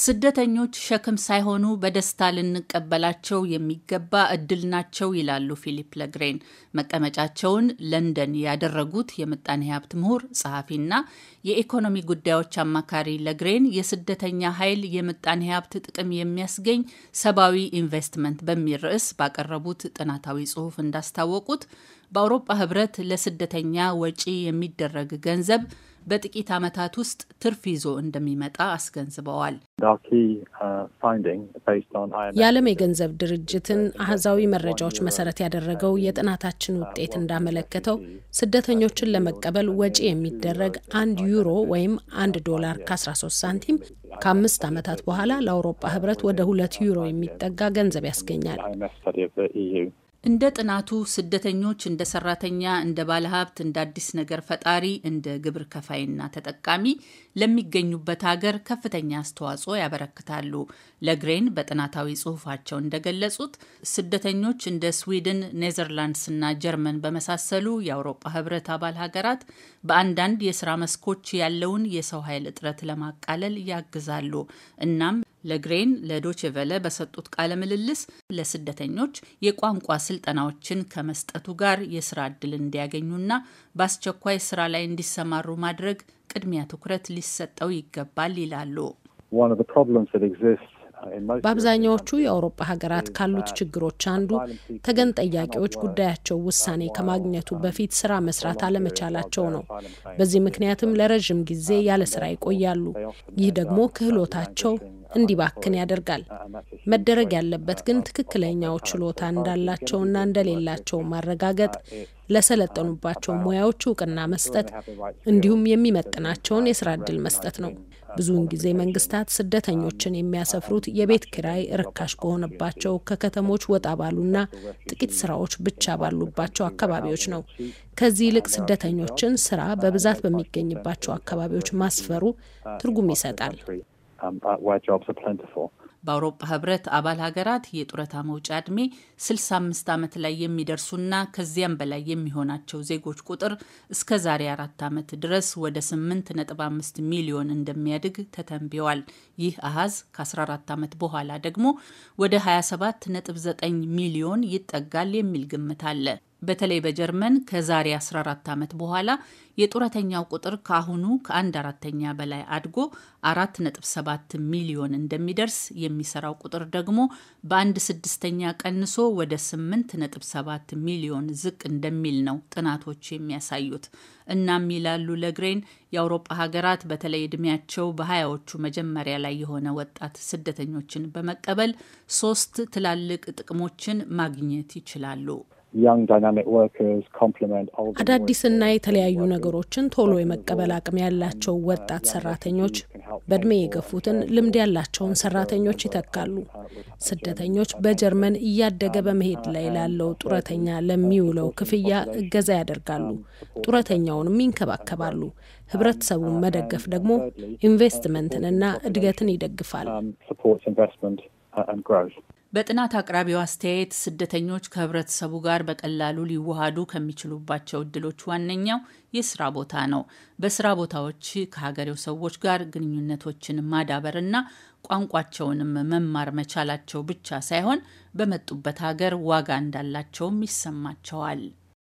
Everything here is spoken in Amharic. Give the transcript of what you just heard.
ስደተኞች ሸክም ሳይሆኑ በደስታ ልንቀበላቸው የሚገባ እድል ናቸው ይላሉ ፊሊፕ ለግሬን። መቀመጫቸውን ለንደን ያደረጉት የምጣኔ ሀብት ምሁር ጸሐፊና የኢኮኖሚ ጉዳዮች አማካሪ ለግሬን የስደተኛ ኃይል የምጣኔ ሀብት ጥቅም የሚያስገኝ ሰብአዊ ኢንቨስትመንት በሚል ርዕስ ባቀረቡት ጥናታዊ ጽሑፍ እንዳስታወቁት በአውሮፓ ህብረት ለስደተኛ ወጪ የሚደረግ ገንዘብ በጥቂት ዓመታት ውስጥ ትርፍ ይዞ እንደሚመጣ አስገንዝበዋል። uh, የዓለም የገንዘብ ድርጅትን አህዛዊ መረጃዎች መሰረት ያደረገው የጥናታችን ውጤት እንዳመለከተው ስደተኞችን ለመቀበል ወጪ የሚደረግ አንድ ዩሮ ወይም አንድ ዶላር ከ13 ሳንቲም ከአምስት ዓመታት በኋላ ለአውሮፓ ህብረት ወደ ሁለት ዩሮ የሚጠጋ ገንዘብ ያስገኛል። እንደ ጥናቱ ስደተኞች እንደ ሰራተኛ፣ እንደ ባለሀብት፣ እንደ አዲስ ነገር ፈጣሪ፣ እንደ ግብር ከፋይና ተጠቃሚ ለሚገኙበት ሀገር ከፍተኛ አስተዋጽኦ ያበረክታሉ። ለግሬን በጥናታዊ ጽሁፋቸው እንደገለጹት ስደተኞች እንደ ስዊድን፣ ኔዘርላንድስና ጀርመን በመሳሰሉ የአውሮፓ ህብረት አባል ሀገራት በአንዳንድ የስራ መስኮች ያለውን የሰው ኃይል እጥረት ለማቃለል ያግዛሉ። እናም ለግሬን ለዶችቨለ በሰጡት ቃለ ምልልስ ለስደተኞች የቋንቋ ስልጠናዎችን ከመስጠቱ ጋር የስራ እድል እንዲያገኙና በአስቸኳይ ስራ ላይ እንዲሰማሩ ማድረግ ቅድሚያ ትኩረት ሊሰጠው ይገባል ይላሉ። uh, በአብዛኛዎቹ የአውሮፓ ሀገራት ካሉት ችግሮች አንዱ ተገን ጠያቂዎች ጉዳያቸው ውሳኔ ከማግኘቱ በፊት ስራ መስራት አለመቻላቸው ነው። በዚህ ምክንያትም ለረዥም ጊዜ ያለ ስራ ይቆያሉ። ይህ ደግሞ ክህሎታቸው እንዲባክን ያደርጋል። መደረግ ያለበት ግን ትክክለኛው ችሎታ እንዳላቸውና እንደሌላቸው ማረጋገጥ፣ ለሰለጠኑባቸው ሙያዎች እውቅና መስጠት፣ እንዲሁም የሚመጥናቸውን የስራ እድል መስጠት ነው። ብዙውን ጊዜ መንግስታት ስደተኞችን የሚያሰፍሩት የቤት ኪራይ ርካሽ በሆነባቸው ከከተሞች ወጣ ባሉና ጥቂት ስራዎች ብቻ ባሉባቸው አካባቢዎች ነው። ከዚህ ይልቅ ስደተኞችን ስራ በብዛት በሚገኝባቸው አካባቢዎች ማስፈሩ ትርጉም ይሰጣል። Um, uh, በአውሮፓ ህብረት አባል ሀገራት የጡረታ መውጫ ዕድሜ 65 ዓመት ላይ የሚደርሱና ከዚያም በላይ የሚሆናቸው ዜጎች ቁጥር እስከ ዛሬ አራት ዓመት ድረስ ወደ 8.5 ሚሊዮን እንደሚያድግ ተተንብየዋል። ይህ አሃዝ ከ14 ዓመት በኋላ ደግሞ ወደ 27.9 ሚሊዮን ይጠጋል የሚል ግምት አለ። በተለይ በጀርመን ከዛሬ 14 ዓመት በኋላ የጡረተኛው ቁጥር ከአሁኑ ከአንድ አራተኛ በላይ አድጎ 4.7 ሚሊዮን እንደሚደርስ የሚሰራው ቁጥር ደግሞ በአንድ ስድስተኛ ቀንሶ ወደ 8.7 ሚሊዮን ዝቅ እንደሚል ነው ጥናቶች የሚያሳዩት። እናም ይላሉ ለግሬን የአውሮፓ ሀገራት በተለይ እድሜያቸው በሀያዎቹ መጀመሪያ ላይ የሆነ ወጣት ስደተኞችን በመቀበል ሶስት ትላልቅ ጥቅሞችን ማግኘት ይችላሉ። አዳዲስና የተለያዩ ነገሮችን ቶሎ የመቀበል አቅም ያላቸው ወጣት ሰራተኞች በእድሜ የገፉትን ልምድ ያላቸውን ሰራተኞች ይተካሉ። ስደተኞች በጀርመን እያደገ um, በመሄድ ላይ ላለው ጡረተኛ ለሚውለው ክፍያ እገዛ ያደርጋሉ፣ um, ጡረተኛውንም ይንከባከባሉ። ህብረተሰቡን um, መደገፍ ደግሞ ኢንቨስትመንትንና እድገትን ይደግፋል። በጥናት አቅራቢው አስተያየት ስደተኞች ከህብረተሰቡ ጋር በቀላሉ ሊዋሃዱ ከሚችሉባቸው እድሎች ዋነኛው የስራ ቦታ ነው። በስራ ቦታዎች ከሀገሬው ሰዎች ጋር ግንኙነቶችን ማዳበርና ቋንቋቸውንም መማር መቻላቸው ብቻ ሳይሆን በመጡበት ሀገር ዋጋ እንዳላቸውም ይሰማቸዋል።